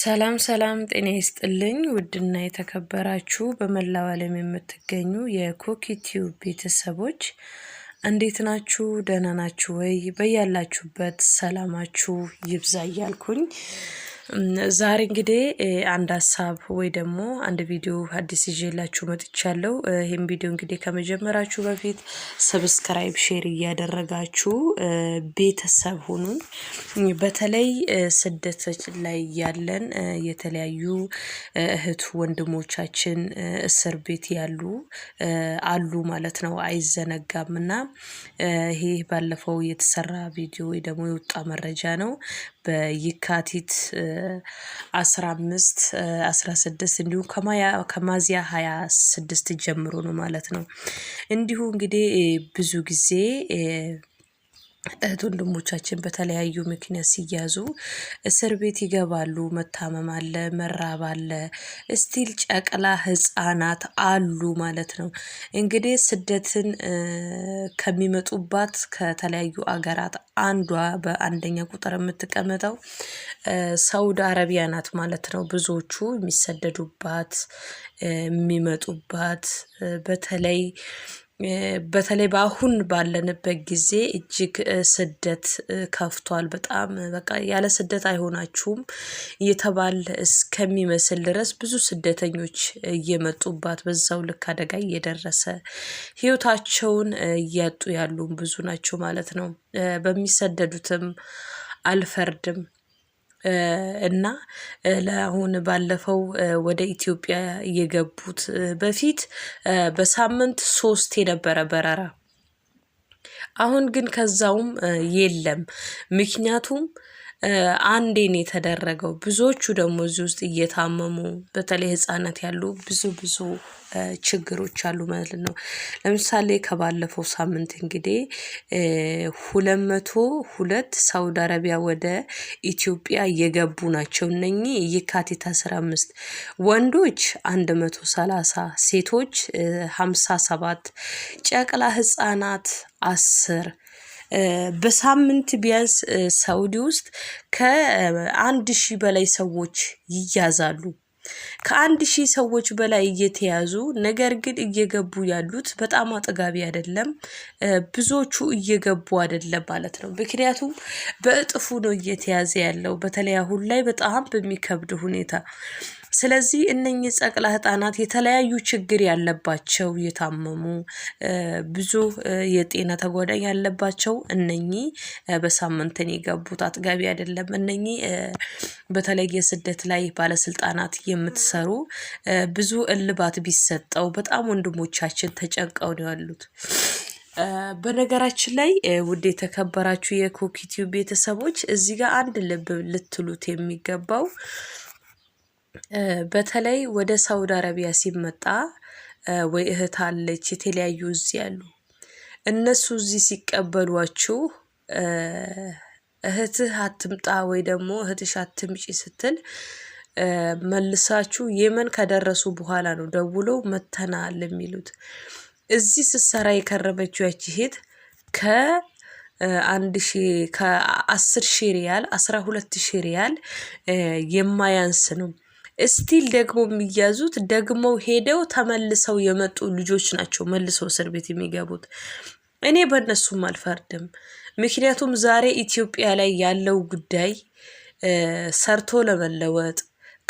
ሰላም ሰላም፣ ጤና ይስጥልኝ ውድና የተከበራችሁ በመላው ዓለም የምትገኙ የኮኪቲዩ ቤተሰቦች እንዴት ናችሁ? ደህና ናችሁ ወይ? በያላችሁበት ሰላማችሁ ይብዛ እያልኩኝ ዛሬ እንግዲህ አንድ ሀሳብ ወይ ደግሞ አንድ ቪዲዮ አዲስ ይዤላችሁ መጥቻለሁ። ይህም ቪዲዮ እንግዲህ ከመጀመራችሁ በፊት ሰብስክራይብ፣ ሼር እያደረጋችሁ ቤተሰብ ሁኑን። በተለይ ስደት ላይ ያለን የተለያዩ እህት ወንድሞቻችን እስር ቤት ያሉ አሉ ማለት ነው፣ አይዘነጋም እና ይህ ባለፈው የተሰራ ቪዲዮ ወይ ደግሞ የወጣ መረጃ ነው። በየካቲት 15 16 እንዲሁም ከማዚያ 26 ጀምሮ ነው ማለት ነው። እንዲሁ እንግዲህ ብዙ ጊዜ እህት ወንድሞቻችን በተለያዩ ምክንያት ሲያዙ እስር ቤት ይገባሉ። መታመም አለ፣ መራብ አለ፣ እስቲል ጨቅላ ህጻናት አሉ ማለት ነው። እንግዲህ ስደትን ከሚመጡባት ከተለያዩ አገራት አንዷ በአንደኛ ቁጥር የምትቀመጠው ሳውዲ አረቢያ ናት ማለት ነው። ብዙዎቹ የሚሰደዱባት የሚመጡባት በተለይ በተለይ በአሁን ባለንበት ጊዜ እጅግ ስደት ከፍቷል። በጣም በቃ ያለ ስደት አይሆናችሁም እየተባል እስከሚመስል ድረስ ብዙ ስደተኞች እየመጡባት በዛው ልክ አደጋ እየደረሰ ህይወታቸውን እያጡ ያሉ ብዙ ናቸው ማለት ነው። በሚሰደዱትም አልፈርድም እና ለአሁን ባለፈው ወደ ኢትዮጵያ የገቡት በፊት በሳምንት ሶስት የነበረ በረራ አሁን ግን ከዛውም የለም። ምክንያቱም አንዴን የተደረገው። ብዙዎቹ ደግሞ እዚህ ውስጥ እየታመሙ በተለይ ህጻናት ያሉ ብዙ ብዙ ችግሮች አሉ ማለት ነው። ለምሳሌ ከባለፈው ሳምንት እንግዲህ ሁለት መቶ ሁለት ሳውዲ አረቢያ ወደ ኢትዮጵያ እየገቡ ናቸው። እነኚህ የካቲት አስራ አምስት ወንዶች አንድ መቶ ሰላሳ ሴቶች ሀምሳ ሰባት ጨቅላ ህጻናት አስር በሳምንት ቢያንስ ሳውዲ ውስጥ ከአንድ ሺህ በላይ ሰዎች ይያዛሉ። ከአንድ ሺህ ሰዎች በላይ እየተያዙ ነገር ግን እየገቡ ያሉት በጣም አጥጋቢ አይደለም። ብዙዎቹ እየገቡ አይደለም ማለት ነው። ምክንያቱም በእጥፉ ነው እየተያዘ ያለው፣ በተለይ አሁን ላይ በጣም በሚከብድ ሁኔታ ስለዚህ እነኚህ ጸቅላ ህጣናት የተለያዩ ችግር ያለባቸው የታመሙ ብዙ የጤና ተጓዳኝ ያለባቸው እነኚህ በሳምንትን የገቡት አጥጋቢ አይደለም። እነኚህ በተለይ የስደት ላይ ባለስልጣናት የምትሰሩ ብዙ እልባት ቢሰጠው በጣም ወንድሞቻችን ተጨንቀው ነው ያሉት። በነገራችን ላይ ውድ የተከበራችሁ የኮኪቲዩ ቤተሰቦች እዚህ ጋር አንድ ልብ ልትሉት የሚገባው በተለይ ወደ ሳውዲ አረቢያ ሲመጣ ወይ እህት አለች የተለያዩ እዚህ ያሉ እነሱ እዚህ ሲቀበሏችሁ እህትህ አትምጣ ወይ ደግሞ እህትሽ አትምጪ ስትል መልሳችሁ የመን ከደረሱ በኋላ ነው ደውሎ መተናል የሚሉት። እዚህ ስትሰራ የከረመችው ያቺ እህት ከአንድ ሺ ከአስር ሺ ሪያል አስራ ሁለት ሺ ሪያል የማያንስ ነው። ስቲል ደግሞ የሚያዙት ደግሞ ሄደው ተመልሰው የመጡ ልጆች ናቸው መልሰው እስር ቤት የሚገቡት። እኔ በእነሱም አልፈርድም። ምክንያቱም ዛሬ ኢትዮጵያ ላይ ያለው ጉዳይ ሰርቶ ለመለወጥ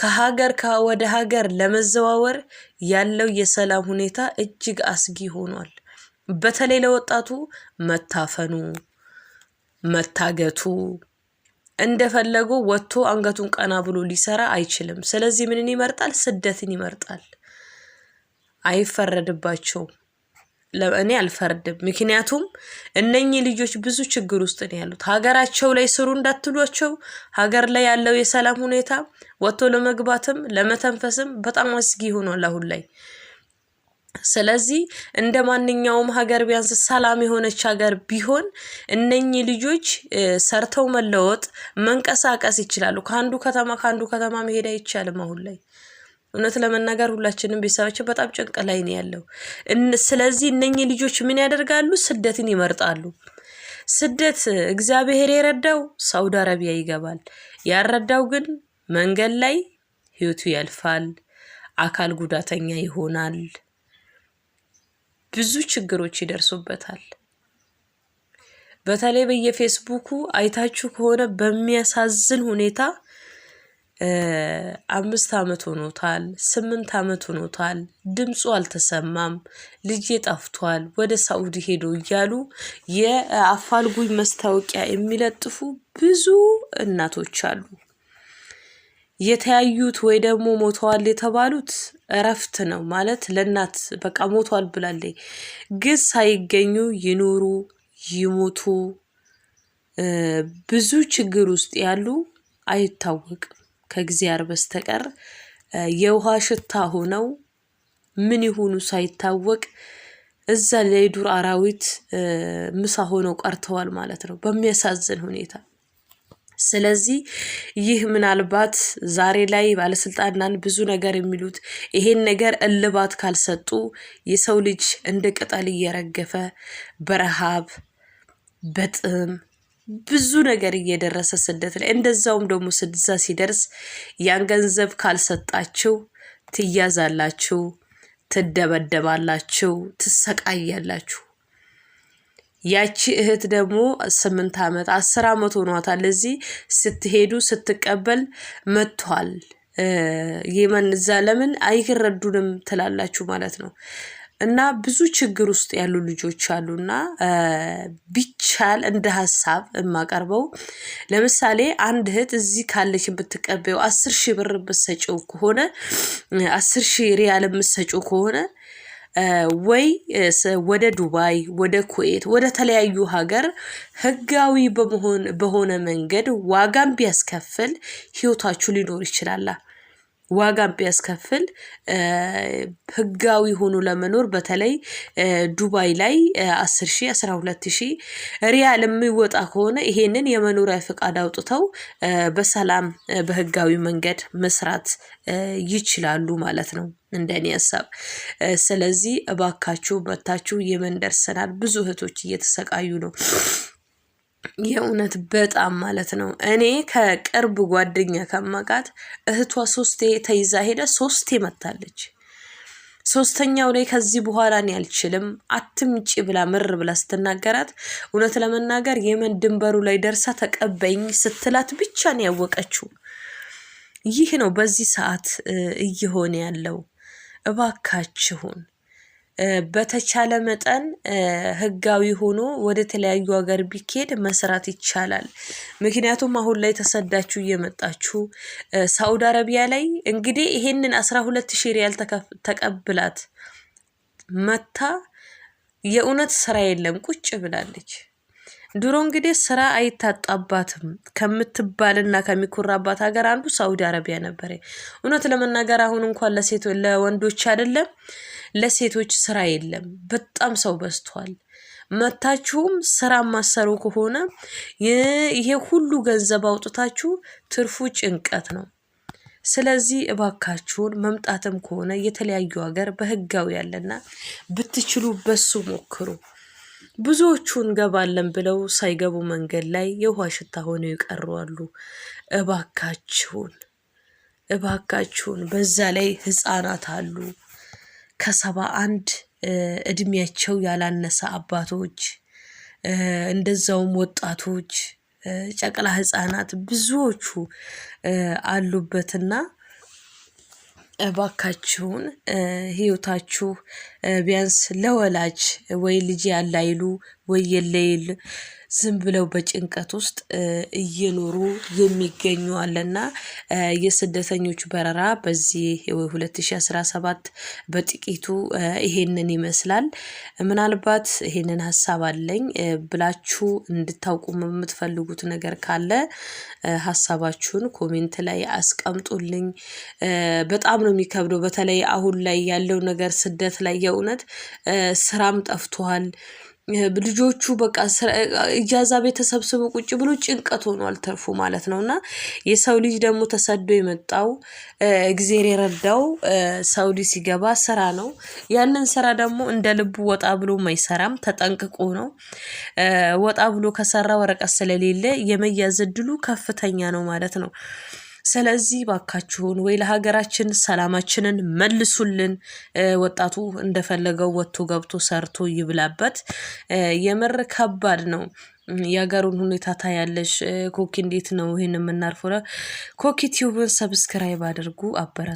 ከሀገር ወደ ሀገር ለመዘዋወር ያለው የሰላም ሁኔታ እጅግ አስጊ ሆኗል። በተለይ ለወጣቱ መታፈኑ፣ መታገቱ እንደፈለጉ ወጥቶ አንገቱን ቀና ብሎ ሊሰራ አይችልም። ስለዚህ ምንን ይመርጣል? ስደትን ይመርጣል። አይፈረድባቸው እኔ አልፈርድም። ምክንያቱም እነኚህ ልጆች ብዙ ችግር ውስጥ ነው ያሉት። ሀገራቸው ላይ ስሩ እንዳትሏቸው። ሀገር ላይ ያለው የሰላም ሁኔታ ወጥቶ ለመግባትም ለመተንፈስም በጣም አስጊ ሆኗል አሁን ላይ። ስለዚህ እንደ ማንኛውም ሀገር ቢያንስ ሰላም የሆነች ሀገር ቢሆን እነኚህ ልጆች ሰርተው መለወጥ መንቀሳቀስ ይችላሉ። ከአንዱ ከተማ ከአንዱ ከተማ መሄድ አይቻልም አሁን ላይ እውነት ለመናገር ሁላችንም ቤተሰባችን በጣም ጭንቅ ላይ ነው ያለው። ስለዚህ እነኚህ ልጆች ምን ያደርጋሉ? ስደትን ይመርጣሉ። ስደት እግዚአብሔር የረዳው ሳውዲ አረቢያ ይገባል። ያልረዳው ግን መንገድ ላይ ህይወቱ ያልፋል፣ አካል ጉዳተኛ ይሆናል። ብዙ ችግሮች ይደርሱበታል። በተለይ በየፌስቡኩ አይታችሁ ከሆነ በሚያሳዝን ሁኔታ አምስት ዓመት ሆኖታል፣ ስምንት ዓመት ሆኖታል፣ ድምፁ አልተሰማም፣ ልጄ ጠፍቷል፣ ወደ ሳውዲ ሄዶ እያሉ የአፋልጉኝ መስታወቂያ የሚለጥፉ ብዙ እናቶች አሉ። የተያዩት ወይ ደግሞ ሞተዋል የተባሉት እረፍት ነው ማለት ለእናት በቃ ሞቷል ብላለች። ግን ሳይገኙ ይኑሩ ይሞቱ ብዙ ችግር ውስጥ ያሉ አይታወቅም ከእግዚአብሔር በስተቀር የውሃ ሽታ ሆነው ምን ይሁኑ ሳይታወቅ እዛ ለዱር አራዊት ምሳ ሆነው ቀርተዋል ማለት ነው በሚያሳዝን ሁኔታ። ስለዚህ ይህ ምናልባት ዛሬ ላይ ባለስልጣናን ብዙ ነገር የሚሉት ይሄን ነገር እልባት ካልሰጡ የሰው ልጅ እንደ ቅጠል እየረገፈ በረሃብ በጥም ብዙ ነገር እየደረሰ ስደት ላይ እንደዛውም ደግሞ ስድዛ ሲደርስ ያን ገንዘብ ካልሰጣችሁ ትያዛላችሁ፣ ትደበደባላችሁ፣ ትሰቃያላችሁ። ያቺ እህት ደግሞ ስምንት ዓመት አስር ዓመት ሆኗታል። እዚህ ስትሄዱ ስትቀበል መጥቷል። የመን እዛ ለምን አይረዱንም ትላላችሁ ማለት ነው። እና ብዙ ችግር ውስጥ ያሉ ልጆች አሉ። አሉና ቢቻል እንደ ሀሳብ የማቀርበው ለምሳሌ አንድ እህት እዚህ ካለች የምትቀበየው አስር ሺህ ብር የምትሰጪው ከሆነ አስር ሺህ ሪያል የምትሰጪው ከሆነ ወይ ወደ ዱባይ፣ ወደ ኩዌት፣ ወደ ተለያዩ ሀገር ህጋዊ በሆነ መንገድ ዋጋም ቢያስከፍል ህይወታችሁ ሊኖር ይችላል። ዋጋን ቢያስከፍል ህጋዊ ሆኖ ለመኖር በተለይ ዱባይ ላይ አስር ሺ አስራ ሁለት ሪያል የሚወጣ ከሆነ ይሄንን የመኖሪያ ፈቃድ አውጥተው በሰላም በህጋዊ መንገድ መስራት ይችላሉ ማለት ነው እንደኔ ሀሳብ። ስለዚህ እባካችሁ መታችሁ የመንደር ሰናል ብዙ እህቶች እየተሰቃዩ ነው። የእውነት በጣም ማለት ነው። እኔ ከቅርብ ጓደኛ ከመቃት እህቷ ሶስቴ ተይዛ ሄደ፣ ሶስቴ መታለች። ሶስተኛው ላይ ከዚህ በኋላ እኔ አልችልም አትምጪ ብላ ምር ብላ ስትናገራት እውነት ለመናገር የመን ድንበሩ ላይ ደርሳ ተቀበኝ ስትላት ብቻ ነው ያወቀችው። ይህ ነው በዚህ ሰዓት እየሆነ ያለው። እባካችሁን በተቻለ መጠን ህጋዊ ሆኖ ወደ ተለያዩ ሀገር ቢኬድ መስራት ይቻላል። ምክንያቱም አሁን ላይ ተሰዳችሁ እየመጣችሁ ሳውዲ አረቢያ ላይ እንግዲህ ይሄንን አስራ ሁለት ሺህ ሪያል ተቀብላት መታ የእውነት ስራ የለም ቁጭ ብላለች። ድሮ እንግዲህ ስራ አይታጣባትም ከምትባልና ከሚኮራባት ሀገር አንዱ ሳውዲ አረቢያ ነበር። እውነት ለመናገር አሁን እንኳን ለሴቶ ለወንዶች አይደለም ለሴቶች ስራ የለም። በጣም ሰው በዝቷል። መታችሁም ስራ ማሰሩ ከሆነ ይሄ ሁሉ ገንዘብ አውጥታችሁ ትርፉ ጭንቀት ነው። ስለዚህ እባካችሁን መምጣትም ከሆነ የተለያዩ ሀገር በህጋዊ ያለና ብትችሉ በሱ ሞክሩ። ብዙዎቹ እንገባለን ብለው ሳይገቡ መንገድ ላይ የውሃ ሽታ ሆነው ይቀሯሉ። እባካችሁን እባካችሁን፣ በዛ ላይ ህፃናት አሉ። ከሰባ አንድ እድሜያቸው ያላነሰ አባቶች እንደዛውም ወጣቶች ጨቅላ ህጻናት ብዙዎቹ አሉበትና እባካችሁን ህይወታችሁ ቢያንስ ለወላጅ ወይ ልጅ ያላይሉ ወይ የለይል ዝም ብለው በጭንቀት ውስጥ እየኖሩ የሚገኙ አለና የስደተኞች በረራ በዚህ 2017 በጥቂቱ ይሄንን ይመስላል። ምናልባት ይሄንን ሀሳብ አለኝ ብላችሁ እንድታውቁ የምትፈልጉት ነገር ካለ ሀሳባችሁን ኮሜንት ላይ አስቀምጡልኝ። በጣም ነው የሚከብደው። በተለይ አሁን ላይ ያለው ነገር ስደት ላይ የእውነት ስራም ጠፍቷል። ልጆቹ በቃ እጃዛ ቤተሰብስቡ ቁጭ ብሎ ጭንቀት ሆኖ ተርፎ ማለት ነው። እና የሰው ልጅ ደግሞ ተሰዶ የመጣው እግዜር የረዳው ሰው ልጅ ሲገባ ስራ ነው። ያንን ስራ ደግሞ እንደ ልቡ ወጣ ብሎ አይሰራም፣ ተጠንቅቆ ነው። ወጣ ብሎ ከሰራ ወረቀት ስለሌለ የመያዝ እድሉ ከፍተኛ ነው ማለት ነው። ስለዚህ ባካችሁን ወይ ለሀገራችን ሰላማችንን መልሱልን። ወጣቱ እንደፈለገው ወጥቶ ገብቶ ሰርቶ ይብላበት። የምር ከባድ ነው። የሀገሩን ሁኔታ ታያለሽ። ኮኪ እንዴት ነው ይህን የምናርፈው? ኮኪ ቲዩብን ሰብስክራይብ አድርጉ፣ አበረታ